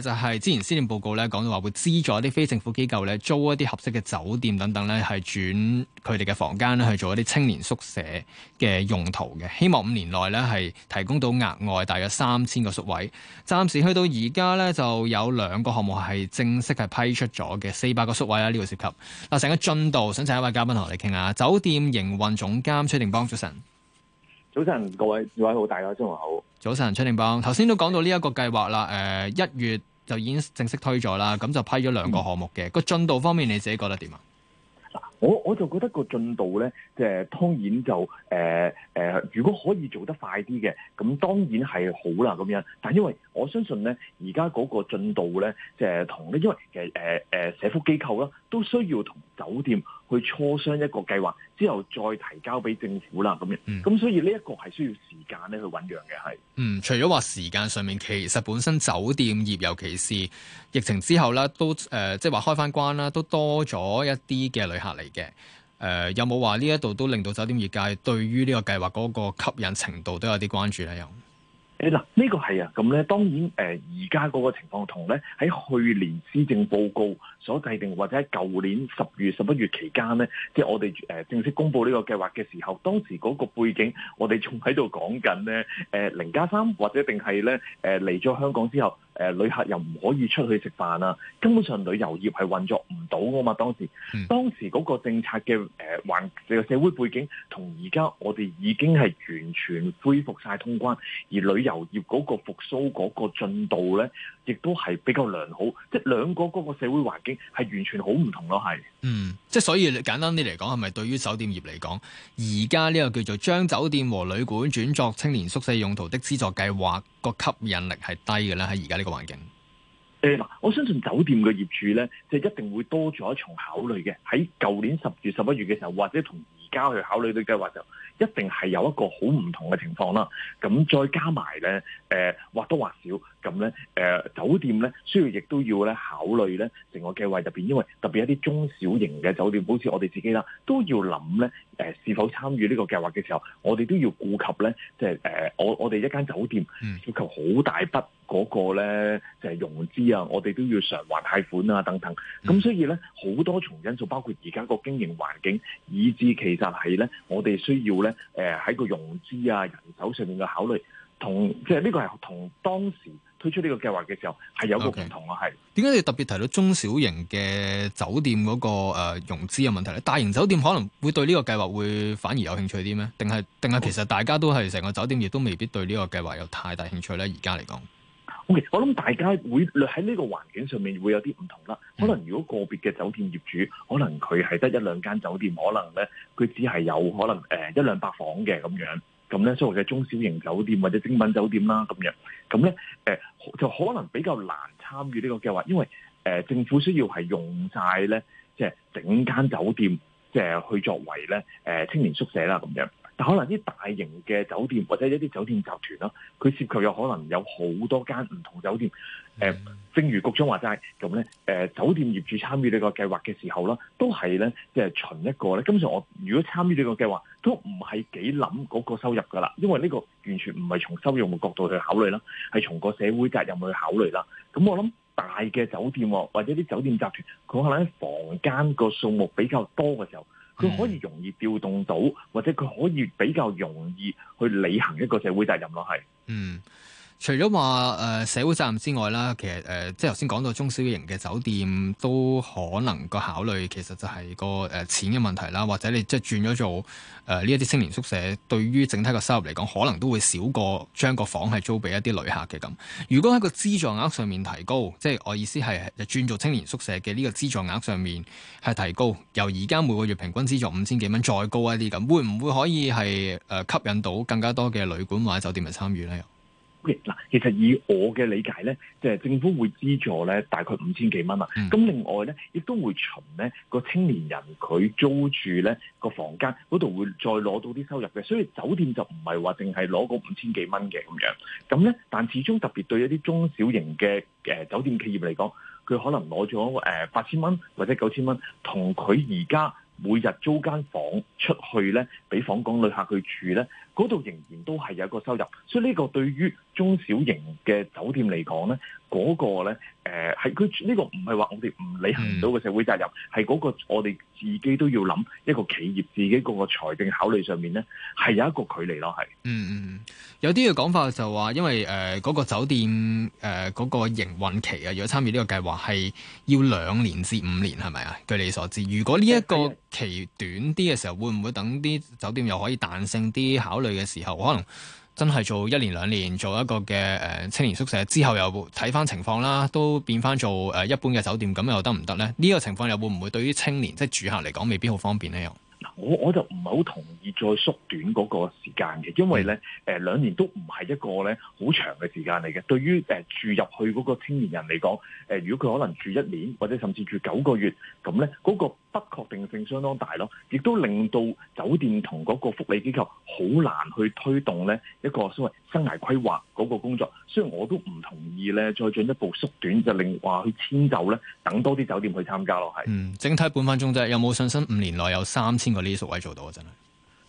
就係、是、之前施政報告咧講到話會資助一啲非政府機構咧租一啲合適嘅酒店等等咧係轉佢哋嘅房間咧去做一啲青年宿舍嘅用途嘅，希望五年內咧係提供到額外大約三千個宿位。暫時去到而家咧就有兩個項目係正式係批出咗嘅，四百個宿位啦，呢個涉及嗱，成個進度，想請一位嘉賓同我哋傾下，酒店營運總監崔定邦早晨。早晨，各位，各位好，大家中午好。早晨，崔定邦，頭先都講到呢一個計劃啦，誒，一月就已經正式推咗啦，咁就批咗兩個項目嘅。個進度方面，你自己覺得點啊？我我就覺得個進度咧，即係當然就誒誒、呃呃，如果可以做得快啲嘅，咁當然係好啦，咁樣。但係因為我相信咧，而家嗰個進度咧，即係同咧，因為其實誒誒，社福機構啦，都需要同。酒店去磋商一個計劃之後再提交俾政府啦，咁樣，咁所以呢一個係需要時間咧去醞釀嘅係。嗯，除咗話時間上面，其實本身酒店業尤其是疫情之後咧，都誒、呃、即係話開翻關啦，都多咗一啲嘅旅客嚟嘅。誒、呃，有冇話呢一度都令到酒店業界對於呢個計劃嗰個吸引程度都有啲關注咧？有。誒嗱，呢個係啊，咁咧當然，誒而家嗰個情況同咧喺去年施政報告所制定，或者喺舊年十月十一月期間咧，即係我哋誒正式公布呢個計劃嘅時候，當時嗰個背景，我哋仲喺度講緊咧，誒零加三或者定係咧，誒嚟咗香港之後。誒、呃、旅客又唔可以出去食飯啊！根本上旅遊業係運作唔到噶嘛。當時、嗯、當時嗰個政策嘅誒環社會背景，同而家我哋已經係完全恢復晒通關，而旅遊業嗰個復甦嗰個進度咧，亦都係比較良好。即係兩個嗰個社會環境係完全好唔同咯。係嗯，即係所以簡單啲嚟講，係咪對於酒店業嚟講，而家呢個叫做將酒店和旅館轉作青年宿舍用途的資助計劃個吸引力係低嘅咧？喺而家咧。環境，誒，嗱，我相信酒店嘅業主咧，就一定會多咗一重考慮嘅。喺舊年十月、十一月嘅時候，或者同。交去考慮啲計劃，就一定係有一個好唔同嘅情況啦。咁再加埋咧，誒、呃、或多或少咁咧，誒、呃、酒店咧需要亦都要咧考慮咧成個計劃入邊，因為特別一啲中小型嘅酒店，好似我哋自己啦，都要諗咧誒是否參與呢個計劃嘅時候，我哋都要顧及咧，即係誒我我哋一間酒店要求好大筆嗰、那個咧，就係、是、融資啊，我哋都要償還貸款啊等等。咁、嗯嗯、所以咧好多重因素，包括而家個經營環境，以至其實。但係咧，我哋需要咧，誒、呃、喺個融資啊、人手上面嘅考慮，同即係呢個係同當時推出呢個計劃嘅時候係有個唔同咯。係點解你特別提到中小型嘅酒店嗰、那個誒、呃、融資嘅問題咧？大型酒店可能會對呢個計劃會反而有興趣啲咩？定係定係其實大家都係成個酒店亦都未必對呢個計劃有太大興趣咧？而家嚟講。Okay, 我諗大家會喺呢個環境上面會有啲唔同啦。可能如果個別嘅酒店業主，可能佢係得一兩間酒店，可能咧佢只係有可能誒一兩百房嘅咁樣，咁咧所謂嘅中小型酒店或者精品酒店啦咁樣，咁咧誒就可能比較難參與呢個計劃，因為誒、呃、政府需要係用晒咧即係整間酒店，即係去作為咧誒、呃、青年宿舍啦咁樣。但可能啲大型嘅酒店或者一啲酒店集團啦，佢涉及有可能有好多間唔同酒店。誒、mm-hmm，正如局長話齋咁咧，誒、呃、酒店業主參與呢個計劃嘅時候啦，都係咧即係循一個咧。根本上，我如果參與呢個計劃，都唔係幾諗嗰個收入㗎啦，因為呢個完全唔係從收入嘅角度去考慮啦，係從個社會責任去考慮啦。咁我諗大嘅酒店或者啲酒店集團，佢可能喺房間個數目比較多嘅時候，佢可以容易調動到，或者佢可以比較容易去履行一個社會責任咯，係，嗯。除咗話誒社會責任之外啦，其實誒、呃、即係頭先講到中小型嘅酒店都可能個考慮，其實就係個誒、呃、錢嘅問題啦。或者你即係轉咗做誒呢一啲青年宿舍，對於整體個收入嚟講，可能都會少過將個房係租俾一啲旅客嘅咁。如果喺個資助額上面提高，即係我意思係轉做青年宿舍嘅呢個資助額上面係提高，由而家每個月平均資助五千幾蚊再高一啲咁，會唔會可以係誒、呃、吸引到更加多嘅旅館或者酒店嚟參與呢？嗱、okay.，其實以我嘅理解咧，即係政府會資助咧大概五千幾蚊啊。咁、mm. 另外咧，亦都會從咧個青年人佢租住咧個房間嗰度會再攞到啲收入嘅，所以酒店就唔係話淨係攞嗰五千幾蚊嘅咁樣。咁咧，但始終特別對一啲中小型嘅誒酒店企業嚟講，佢可能攞咗誒八千蚊或者九千蚊，同佢而家，每日租間房出去咧，俾訪港旅客去住咧，嗰度仍然都係有一個收入，所以呢個對於中小型嘅酒店嚟講咧，嗰、嗰個咧。誒，係佢呢個唔係話我哋唔履行到個社會責任，係、嗯、嗰個我哋自己都要諗一個企業自己嗰個財政考慮上面呢，係有一個距離咯，係。嗯嗯，有啲嘅講法就話，因為誒嗰、呃嗰個酒店誒嗰、呃嗰個營運期啊，如果參與呢個計劃係要兩年至五年，係咪啊？據你所知，如果呢一個期短啲嘅時候，嗯、會唔會等啲酒店又可以彈性啲考慮嘅時候，可能？真係做一年兩年做一個嘅青年宿舍，之後又睇翻情況啦，都變翻做一般嘅酒店，咁又得唔得呢？呢、呢個情況又會唔會對於青年即係住客嚟講，未必好方便呢？又嗱，我我就唔係好同意再縮短嗰個時間嘅，因為咧誒，兩年都唔係一個咧好長嘅時間嚟嘅。對於住入去嗰個青年人嚟講，如果佢可能住一年或者甚至住九個月，咁咧嗰個。不確定性相當大咯，亦都令到酒店同嗰個福利機構好難去推動呢一個所謂生涯規劃嗰個工作。雖然我都唔同意呢，再進一步縮短令就令話去遷就呢，等多啲酒店去參加咯。係，嗯，整體講翻總制，有冇信心五年內有三千個呢啲宿位做到啊？真係。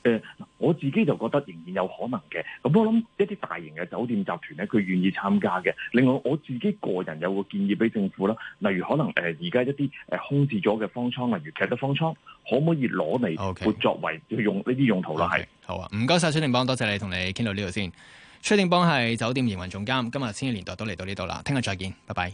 呃我自己就覺得仍然有可能嘅，咁我諗一啲大型嘅酒店集團咧，佢願意參加嘅。另外我自己個人有個建議俾政府啦，例如可能誒而家一啲誒空置咗嘅方艙，例如啟德方艙，可唔可以攞嚟用作為用呢啲用途咯，就係？係，okay。好啊，唔該晒。崔定邦，多謝你同你傾到呢度先。崔定邦係酒店營運總監，今日千禧年代都嚟到呢度啦，聽日再見，拜拜。